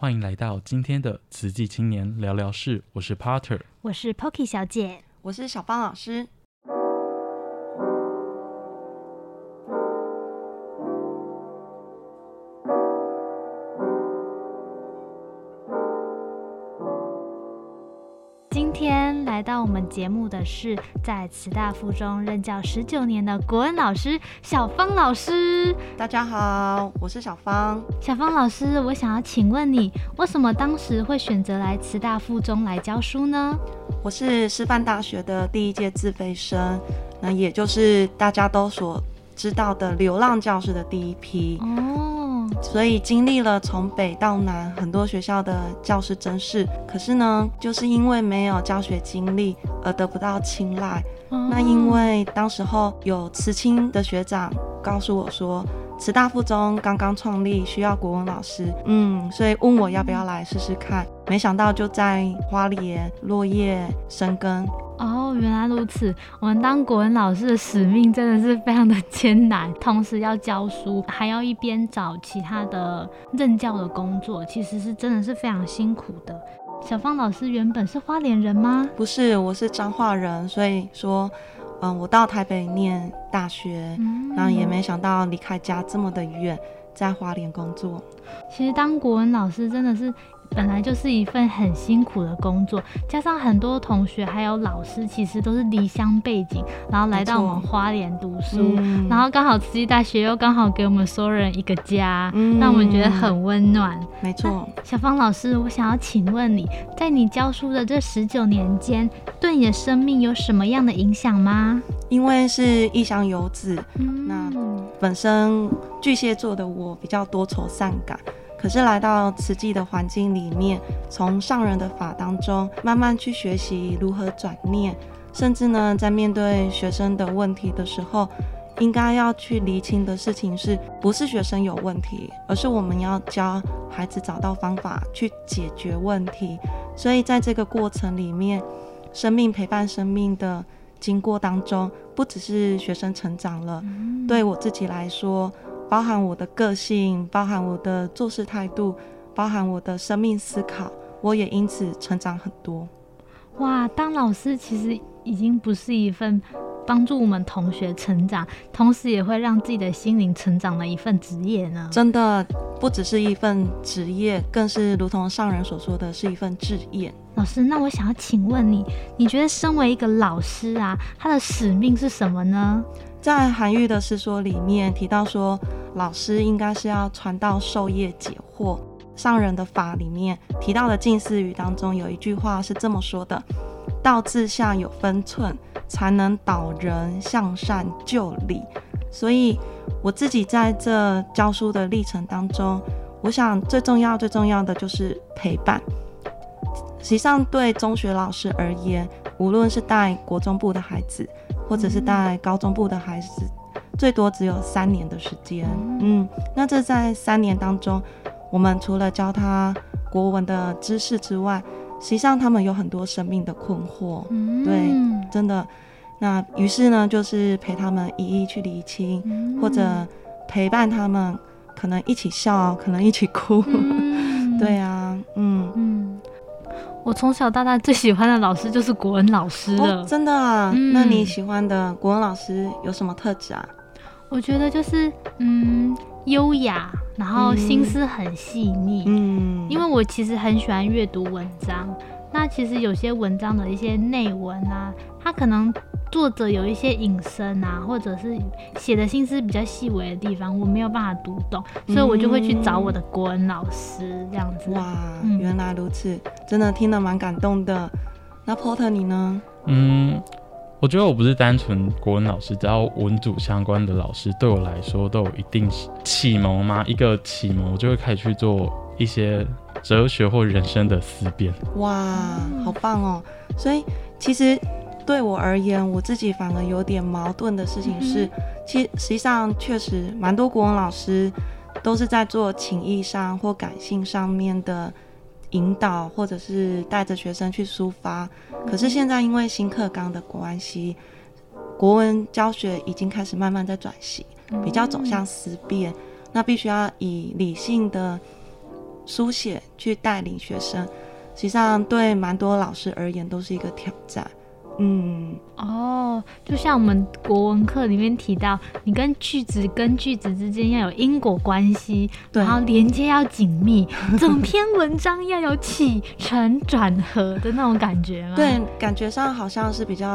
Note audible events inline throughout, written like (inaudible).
歡迎來到今天的《瓷器青年聊聊室》，我是 Potter，我是 Pokey 小姐，我是小芳老師。來到我們節目的是在慈大附中任教十九年的國文老師小芳老師。大家好，我是小芳。小芳老師，我想要請問你，為什麼當時會選擇來慈大附中來教書呢？我是師範大學的第一屆自費生，那也就是大家都所知道的流浪教師的第一批。哦所以經歷了從北到南很多學校的教師甄試，可是呢，就是因為沒有教學經歷而得不到青睞。嗯、那因為當時候有慈青的學長告訴我說，慈大附中剛剛創立需要國文老師，嗯，所以問我要不要來試試看。沒想到就在花蓮落葉生根。哦，原來如此。我們當國文老師的使命真的是非常的艱難，同時要教書，還要一邊找其他的任教的工作，其實是真的是非常辛苦的。小芳老師原本是花蓮人嗎？不是，我是彰化人，所以說，嗯，我到台北念大學，嗯、然後也沒想到離開家這麼的遠，在花蓮工作。其實當國文老師真的是。本來就是一份很辛苦的工作，加上很多同學還有老師，其實都是離鄉背景，然後來到我們花蓮讀書，嗯、然後剛好慈濟大學又剛好給我們所有人一個家，嗯、讓我們覺得很溫暖。嗯、沒錯，小芳老師，我想要請問你在你教書的這十九年間，對你的生命有什麼樣的影響嗎？因為是異鄉游子、嗯，那本身巨蟹座的我比較多愁善感。可是來到慈濟的環境裡面，從上人的法當中慢慢去學習如何轉念，甚至呢，在面對學生的問題的時候，應該要去釐清的事情是，不是學生有問題，而是我們要教孩子找到方法去解決問題。所以在這個過程裡面，生命陪伴生命的經過當中，不只是學生成長了，嗯、對我自己來說，包含我的個性，包含我的做事態度，包含我的生命思考，我也因此成長很多。哇，當老師其實已經不是一份幫助我們同學成長，同時也會讓自己的心靈成長的一份職業呢。真的不只是一份職業，更是如同上人所說的，是一份志業。老師，那我想要請問你，你覺得身為一個老師啊，他的使命是什麼呢？在韓愈的《師說》裡面提到說，老師應該是要傳道授業解惑。上人的法裡面提到的近似語當中有一句話是這麼說的：“道志下有分寸，才能導人向善就理。”所以我自己在這教書的歷程當中，我想最重要最重要的就是陪伴。實際上對中學老師而言，無論是帶國中部的孩子，或者是帶高中部的孩子。嗯最多只有三年的時間，嗯，那這在三年當中，我們除了教他國文的知識之外，實際上他們有很多生命的困惑，嗯、對，真的，那於是呢，就是陪他們一一去理清、嗯，或者陪伴他們，可能一起笑，可能一起哭，嗯、 (laughs) 對啊，嗯嗯，我從小到大最喜歡的老師就是國文老師了、哦、真的、啊，那你喜歡的國文老師有什麼特質啊？我覺得就是，嗯，優雅，然後心思很細膩嗯。嗯，因為我其實很喜歡閱讀文章，那其實有些文章的一些內文啊，它可能作者有一些隱身啊，或者是寫的心思比較細微的地方，我沒有辦法讀懂，嗯，所以我就會去找我的國文老師這樣子。哇，嗯，原來如此，真的聽得蠻感動的。那波特你呢？嗯。我覺得我不是單純國文老師，只要文組相關的老師，對我來說都有一定啟蒙嗎？一個啟蒙，我就會開始去做一些哲學或人生的思辨。哇，好棒哦！所以其實對我而言，我自己反而有點矛盾的事情是，嗯、其實實際上確實蠻多國文老師都是在做情意上或感性上面的引導，或者是帶着學生去抒發，可是現在因為新課綱的關係，國文教學已經開始慢慢在轉型，比較走向思辨，那必須要以理性的書寫去帶領學生，實際上對蠻多老師而言都是一個挑戰。嗯，哦、oh，就像我們國文課裡面提到，你跟句子跟句子之間要有因果關係，對，然後連接要緊密，整 (laughs) 篇文章要有起承轉合的那種感覺嗎？對，感覺上好像是比較，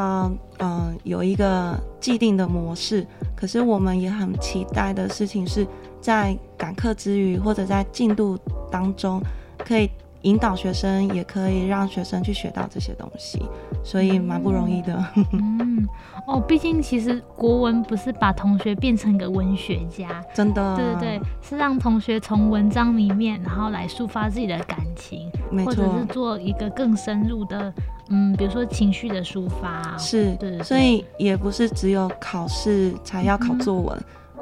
嗯、呃，有一個既定的模式。可是我們也很期待的事情是在趕課之餘，或者在進度當中，可以。引導學生也可以讓學生去學到這些東西，所以蠻不容易的。嗯， (laughs) 嗯、哦，畢竟其實國文不是把同學變成一個文學家，真的。對對對，是讓同學從文章裡面，然後來抒發自己的感情，沒錯，或者是做一個更深入的，嗯，比如說情緒的抒發。是對對對，所以也不是只有考試才要考作文。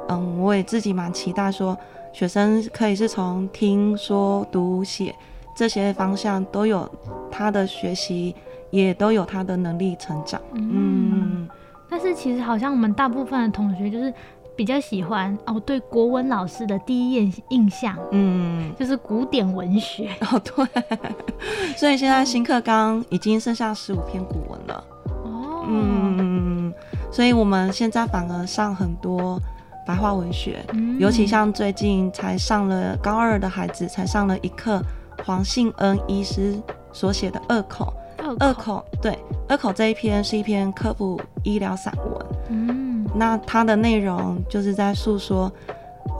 嗯，嗯，我也自己蠻期待說，學生可以是從聽說讀寫。這些方向都有他的學習，也都有他的能力成長，嗯。嗯，但是其實好像我們大部分的同學就是比較喜歡哦，對國文老師的第一印象，嗯，就是古典文學。哦，對， (laughs) 所以現在新課綱已經剩下十五篇古文了。哦，嗯，所以我們現在反而上很多白話文學，嗯、尤其像最近才上了高二的孩子，才上了一課。黃信恩醫師所寫的《二口二口》，對，《二口》二口二口這一篇是一篇科普醫療散文。嗯，那它的內容就是在訴說，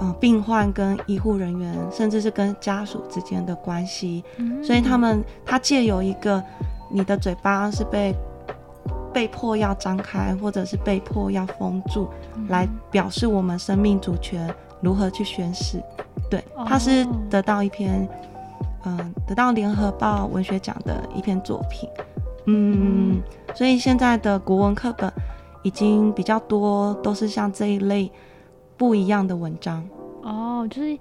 嗯、呃，病患跟醫護人員，甚至是跟家屬之間的關係，嗯。所以他們他借由一個你的嘴巴是被被迫要張開，或者是被迫要封住，來表示我們生命主權如何去宣示。對，他是得到一篇。嗯，得到聯合報文學獎的一篇作品，嗯，所以現在的國文課本已經比較多，都是像這一類不一樣的文章哦，就是。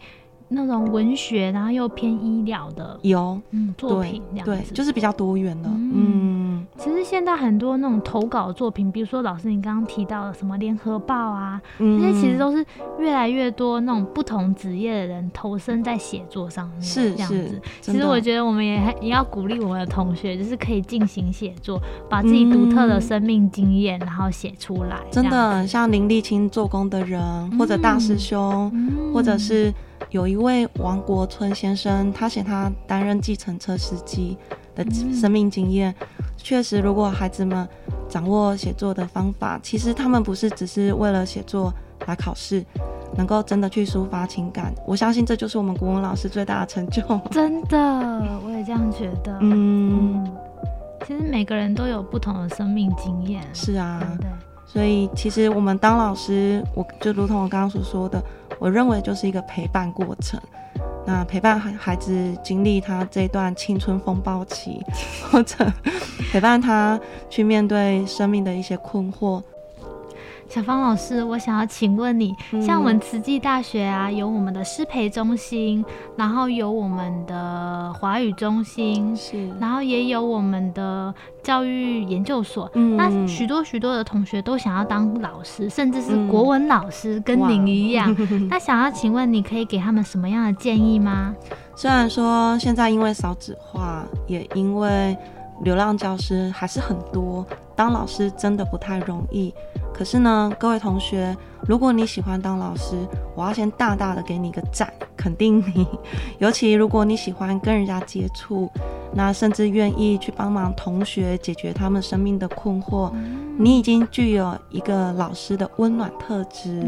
那種文學，然後又偏醫療的有，嗯，作品這樣子，就是比較多元的。嗯，其實現在很多那種投稿作品，比如說老師你剛剛提到的什麼《聯合報》啊，這、嗯、些其實都是越來越多那種不同職業的人投身在寫作上面，是這樣子是是。其實我覺得我們也還也要鼓勵我們的同學，就是可以進行寫作，把自己獨特的生命經驗然後寫出來。真的，像林立青做工的人，或者大師兄，嗯、或者是。有一位王國春先生，他寫他擔任計程車司機的生命經驗。確、嗯、實，如果孩子們掌握寫作的方法，其實他們不是只是為了寫作來考試，能夠真的去抒發情感。我相信這就是我們國文老師最大的成就。真的，我也這樣覺得。嗯，嗯其實每個人都有不同的生命經驗。是啊、嗯，對。所以，其實我們當老師，我就如同我剛剛所說的。我認為就是一個陪伴過程，那陪伴孩孩子經歷他這段青春風暴期，或者陪伴他去面對生命的一些困惑。小芳老師，我想要請問你，像我們慈濟大學啊，有我們的師培中心，然後有我們的華語中心，是，然後也有我們的教育研究所。嗯、那許多許多的同學都想要當老師，甚至是國文老師，跟您一樣。嗯、 (laughs) 那想要請問，你可以給他們什麼樣的建議嗎？雖然說現在因為少子化，也因為。流浪教師還是很多，當老師真的不太容易。可是呢，各位同學，如果你喜歡當老師，我要先大大的給你一個讚，肯定你。尤其如果你喜歡跟人家接觸，那甚至願意去幫忙同學解決他們生命的困惑，你已經具有一個老師的溫暖特質。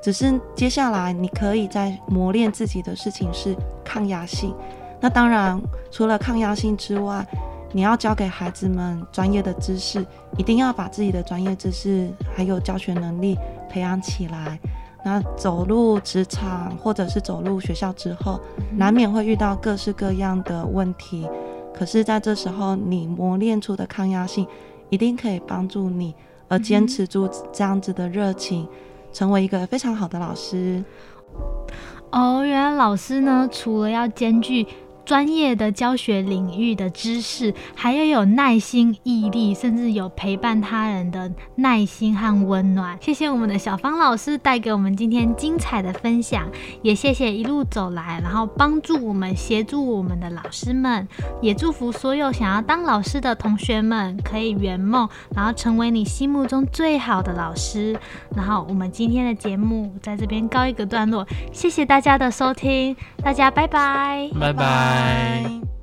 只是接下來你可以再磨練自己的事情是抗壓性。那當然，除了抗壓性之外，你要教給孩子們專業的知識，一定要把自己的專業知識還有教學能力培養起來。那走入職場或者是走入學校之後，難免會遇到各式各樣的問題。嗯，可是在這時候，你磨練出的抗壓性，一定可以幫助你而堅持住這樣子的熱情，嗯，成為一個非常好的老師。哦，原來老師呢，除了要兼具。專業的教學領域的知識，還要有，有耐心、毅力，甚至有陪伴他人的耐心和溫暖。謝謝我們的小芳老師帶給我們今天精彩的分享，也謝謝一路走來，然後幫助我們、協助我們的老師們。也祝福所有想要當老師的同學們可以圓夢，然後成為你心目中最好的老師。然後我們今天的節目在這邊告一個段落，謝謝大家的收聽，大家拜拜，拜拜。拜。